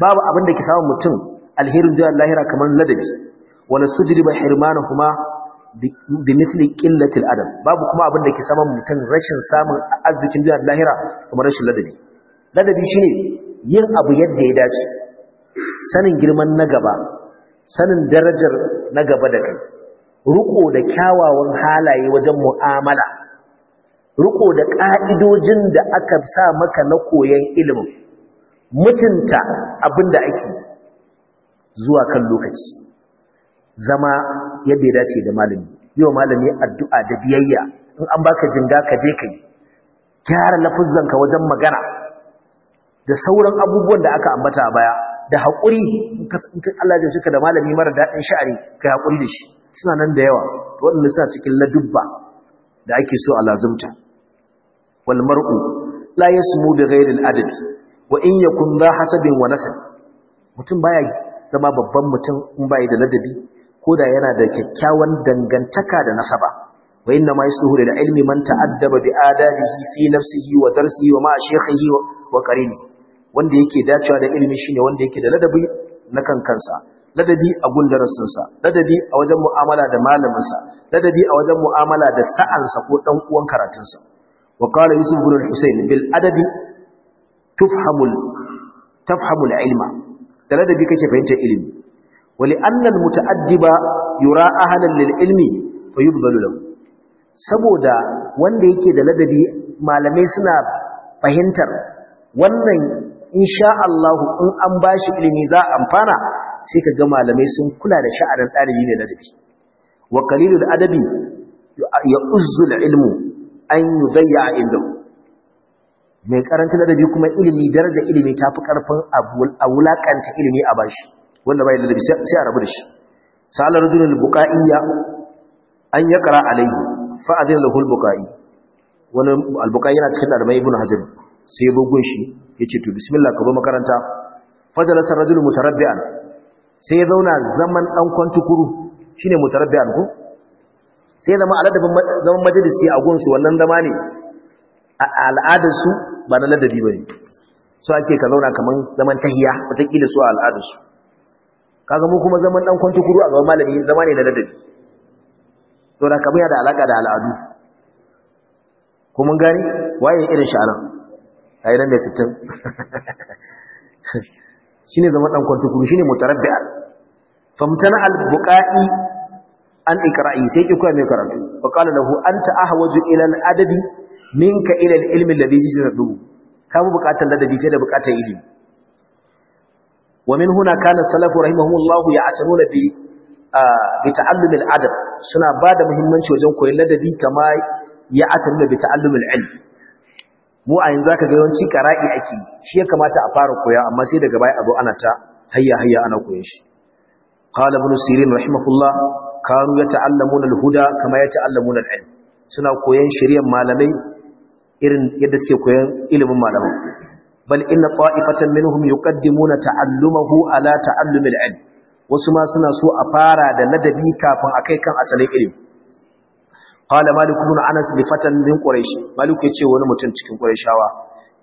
babu abin da ke samun mutum alherin duniya lahira kamar ladabi wala sujriba kuma bi mithli qillati al-adab babu kuma abin da ke saman mutum rashin samun arzikin duniya lahira kamar rashin ladabi ladabi shine yin abu yadda ya dace sanin girman na gaba sanin darajar na gaba da kai ruko da kyawawan halaye wajen mu'amala riko da ƙa'idojin da aka sa maka na koyon ilimin mutunta abin da ake zuwa kan lokaci zama yadda ya dace da malami yau malami addu'a da biyayya in an baka jinga ka je kai gyara ka wajen magana da sauran abubuwan da aka ambata a baya da haƙuri in Allah ya ka da malami mara daɗin sha'ani, kai haƙuri da shi suna nan da yawa waɗanda suna cikin ladubba da ake so a lazumta wal mar'u la yasmu bi ghairi adabi wa in yakun dha hasabin wa nasab mutum baya zama babban mutum in bai da ladabi ko da yana da kyakkyawan dangantaka da nasaba wa inna ma yasluhu lil ilmi man ta'addaba bi adabihi fi nafsihi wa darsihi wa ma'a shaykhihi wa qarini wanda yake dacewa da ilimi shine wanda yake da ladabi na kankansa ladabi a sa, ladabi a wajen mu'amala da malaminsa ladabi a wajen mu'amala da sa'ansa ko dan uwan karatunsa wa qala yusuf ibn al-husayn bil adabi tufhamul tafhamul ilma da ladabi kake fahimtar ilimi wali annal muta'addiba yura ahlan lil ilmi fayubdalu lahu saboda wanda yake da ladabi malamai suna fahimtar wannan insha Allah in an bashi ilimi za a amfana sai ka ga malamai sun kula da sha'anin ɗalibi mai ladabi wa qalilul adabi ya uzzul ilmu an yudayya indahu mai karancin ladabi kuma ilimi daraja ilimi ta fi ƙarfin a wulaƙanta ilimi a bashi wanda bai ladabi sai a rabu da shi sa'ala rajulul buqa'iyya an yaqra alayhi fa adina lahu al-buqa'i wani al-buqa'i yana cikin dalmai ibn hajar sai ya bugun shi yace to bismillah ka ba makaranta fajalasa rajulul mutarabbi'an sai ya zauna zaman dan kwantukuru shine mutarabbi'an ko sai zama aladabin zaman majalisi a gunsu wannan zama ne a al'adarsu ba na ladabi ba ne su ake ka zauna kamar zaman tahiya watakila su a al'adarsu kaga mu kuma zaman dan kwanci kuru a gaban malami zama ne na ladabi to da kamar da alaka da al'adu ko mun gani waye irin shi anan ayi nan da 60 shine zaman dan kwanci kuru shine mutarabbi'a famtana al-buqa'i an ikra'i sai ki koya mai karatu fa qala lahu anta ahwaju ila al-adabi minka ila ilmi alladhi yajru ka bu bukatan ladabi ta da bukatan ilimi wa min huna kana salafu rahimahumullahu ya'tanuna bi bi ta'allum al-adab suna ba da muhimmanci wajen koyon ladabi kama ya'tanuna bi ta'allum al-ilm mu a yanzu zaka ga yawanci qara'i ake shi ya kamata a fara koya amma sai daga baya abu ana ta hayya hayya ana koyon shi qala ibn sirin rahimahullah kanu yata'allamuna al-huda kama yata'allamuna al-ilm suna koyon shari'ar malamai irin yadda suke koyan ilimin malama bal inna ta'ifatan minhum yuqaddimuna ta'allumahu ala ta'allumi al-ilm wasu ma suna so a fara da ladabi kafin akai kan asalin ilimi qala malik ibn anas li fatan min quraish malik yace wani mutum cikin qurayshawa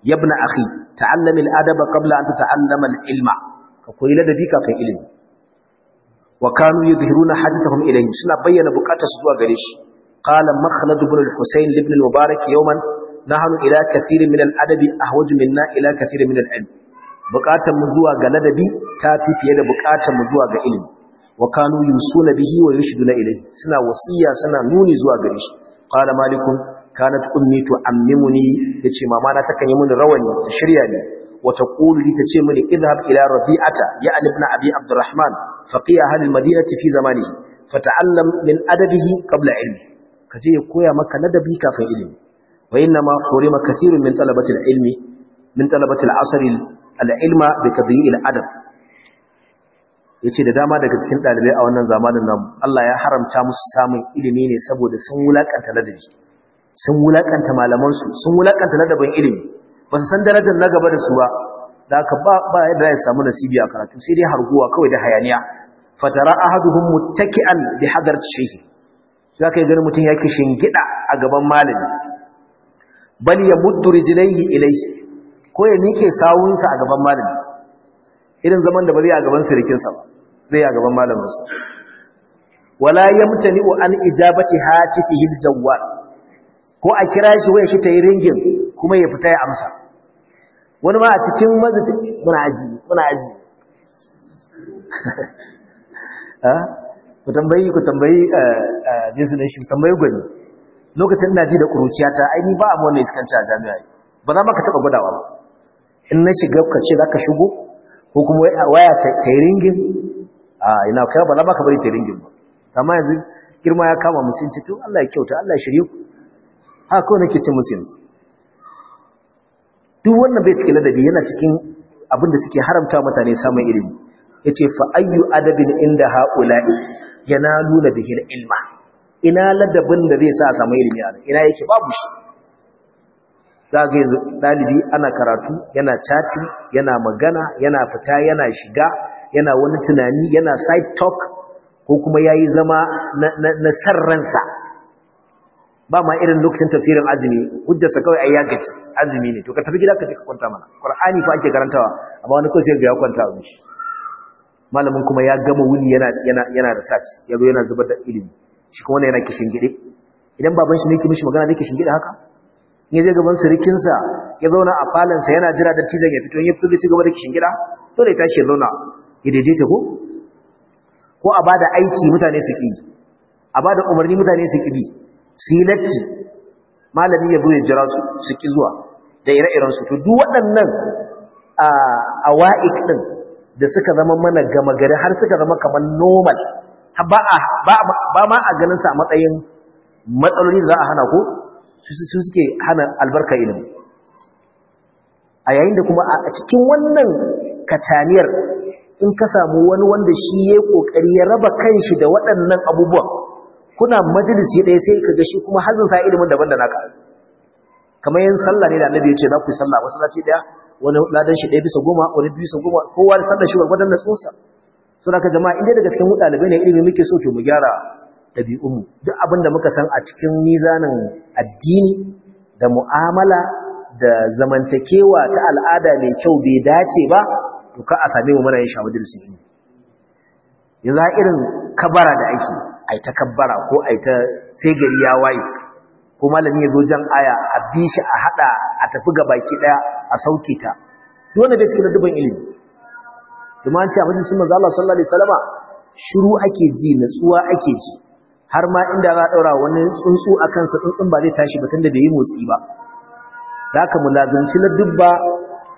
yabna akhi ta'allam al-adab qabla an tata'allama al-ilma ka koyi ladabi kafin ilimi wa kanu yuzhiruna hajatahum ilayhi suna bayyana bukatarsu zuwa gare shi qala makhlad ibn al-husayn ibn al-mubarak yawman nahnu ila kathirin min al-adabi ahwaju minna ila kathirin min al-ilm buƙatar mu zuwa ga ladabi ta fi fiye da buƙatar mu zuwa ga ilimi wa kanu yusuna bihi wa yushiduna ilayhi suna wasiya suna nuni zuwa gare shi qala malikun kanat ummi tu'ammimuni yace mama na takan yi mini rawani ta shirya ni wa taqulu li tace mini idhab ila rabi'ata ya ibn abi abdurrahman faqiha ahli al-madinati fi Fata fata'allam min adabihi qabla ilmi kaje ya koya maka ladabi kafin ilimi wa innama hurima kathirun min talabatil ilmi min talabatil asri al-ilma yace da dama daga cikin dalibai a wannan zamanin namu Allah ya haramta musu samun ilimi ne saboda sun wulakanta ladabi sun wulakanta malaman su sun wulakanta ladabin ilimi ba su san darajar na gaba da su ba da aka ba ba yadda ya samu nasibi a karatu sai dai harguwa kawai da hayaniya fatara ahaduhum muttaki'an bi hadar shaykh zaka ga mutum yake shingida a gaban malami bal ya muddu rijlaihi ilayhi ko ya mike sawunsa a gaban malami irin zaman da ba zai a gaban sirikin sa ba zai a gaban malamin sa wala yamtani an ijabati hatifihi aljawwal ko a kira shi waya shi tayi ringin kuma ya fita ya amsa wani ma a cikin mazaji muna aji muna aji <laughs> ah, ku tambayi ku tambayi business eh, eh, tambayi gwani lokacin ina ji da kuruciyata ai ni ba a wannan iskanci a jami'a ba za maka ka taɓa gwadawa ba in na shiga ka ce zaka shigo ko kuma waya ta yi a ina kai ba za maka ka bari ta ba amma yanzu girma ya kama musu ce to Allah ya kyauta Allah ya shirye ku haka kawai nake ce musu duk wannan bai cikin ladabi yana cikin abin da suke haramta mutane samun ilimi yace fa ayyu adabin inda haula'i nuna bihil ilma ina ladabin da zai sa samu ilimi a ina yake babu shi za ga yanzu dalibi ana karatu yana cati yana magana yana fita yana shiga yana wani tunani yana side talk ko kuma ya zama na sarransa ba ma irin lokacin tafsirin azumi hujjarsa kawai ai ya gaci azumi ne to ka tafi gida ka ce ka kwanta mana qur'ani fa ake karantawa amma wani ko sai ga ya kwanta a mishi malamin kuma ya gama wuni yana yana yana research yazo yana zubar da ilimi shi kuma yana kishin idan baban shi ne ke mishi magana ne kishin gide haka in zai gaban sirikinsa ya zauna a sa yana jira da tijan ya fito in ya fito zai ci gaba da kishin gida ya tashi ya zauna ya daidaita ko ko a bada aiki mutane su ki a bada umarni mutane su ki bi su yi latti malami ya zo jira su su ki zuwa da ire-iren su to duk waɗannan a awa'ik din da suka zama mana gama gari har suka zama kamar normal ba ma a ganin sa matsayin matsaloli da za a hana ko su suke hana albarka ilimi a yayin da kuma a cikin wannan kataniyar in ka samu wani wanda shi ya kokari ya raba kanshi da waɗannan abubuwan kuna majalisi ɗaya sai ka ga shi kuma hazin sa ilimin daban da naka kamar yin sallah ne da annabi ya ce za ku yi sallah wasu lati ɗaya wani ladan shi ɗaya bisa goma wani bisa goma kowa da sallar shi gwargwadon tsunsa suna ka jama'a inda daga cikin ɗalibai ne ilimi muke so to mu gyara ɗabi'unmu duk abin da muka san a cikin mizanin addini da mu'amala da zamantakewa ta al'ada mai kyau bai dace ba to ka a same mu mana yin shawadar su yi yanzu irin kabara da ake ai ta kabbara ko ai ta sai gari ya waye ko malami ya zo jan aya a bi shi a hada a tafi ga baki daya a sauke ta dole bai cikin dubban ilimi domin an ce a Allah sallallahu alaihi wasallama shiru ake ji natsuwa ake ji har ma inda za a daura wani tsuntsu a kansa tsuntsun ba zai tashi ba tunda bai yi motsi ba da haka mu na dubba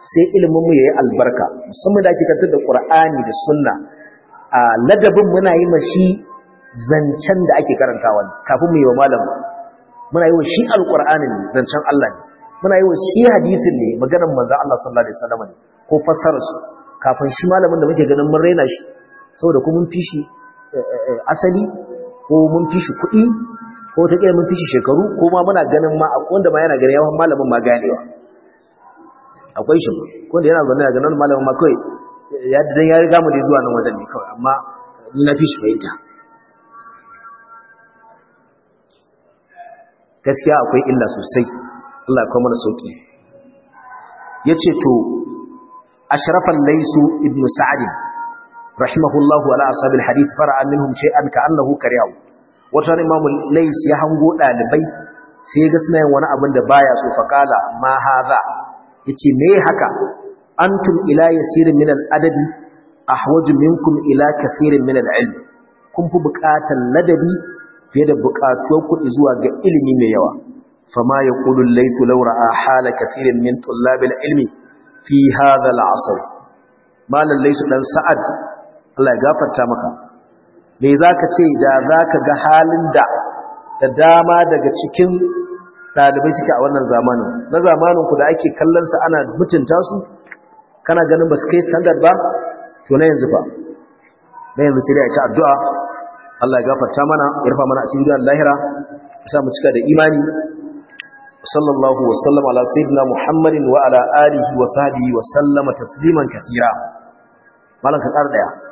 sai ilimin mu yayi albarka musamman da ake kantar da Qur'ani da Sunna a ladabin muna yi mashi zancen da ake karantawa kafin mu yi wa malam muna yi wa shi alqur'anin zancen Allah ne muna yi wa shi hadisin ne maganar manzon Allah sallallahu alaihi wasallam ne ko fassarar kafin shi malamin da muke ganin mun raina shi saboda kuma mun fishi eh, eh, eh, asali ko mun fishi kuɗi ko ta kira mun fishi shekaru ko ma muna ganin ma akwai wanda ma yana ganin yawan malamin ma ganewa akwai shi ko wanda yana ganin ganin malamin ma kawai ya dan ya riga mu ne zuwa nan wajen ne kawai amma ni na fishi fahimta gaskiya akwai illa sosai Allah ya kawo mana sauki yace to ashrafal Laisu ibn sa'd rahimahullahu ala ashabil hadith fara'a minhum shay'an ka'annahu karyahu wata imam lays ya hango dalibai sai ya ga wani abin da baya so faqala ma hadha yace me haka an tun ila yasirin min adadi, adabi ahwaju minkum ila kathirin min al-ilm kun fi buƙatar ladabi fiye da buƙatuwar kuɗi zuwa ga ilimi mai yawa fama ya ƙulun laisu laura a hala kasirin min tullabin ilmi fi hadha al'asr malam Laisu dan sa'ad Allah ya gafarta maka me zaka ce da zaka ga halin da da dama daga cikin ɗalibai suke a wannan zamanin na zamanin ku da ake kallon sa ana mutunta su kana ganin ba su kai standard ba to na yanzu ba na yanzu sai dai a ci addu'a Allah ya gafarta mana ya rufa mana asiri da lahira ya sa mu cika da imani sallallahu wasallam ala sayyidina alihi wa sahbihi wa sallama tasliman kathira ka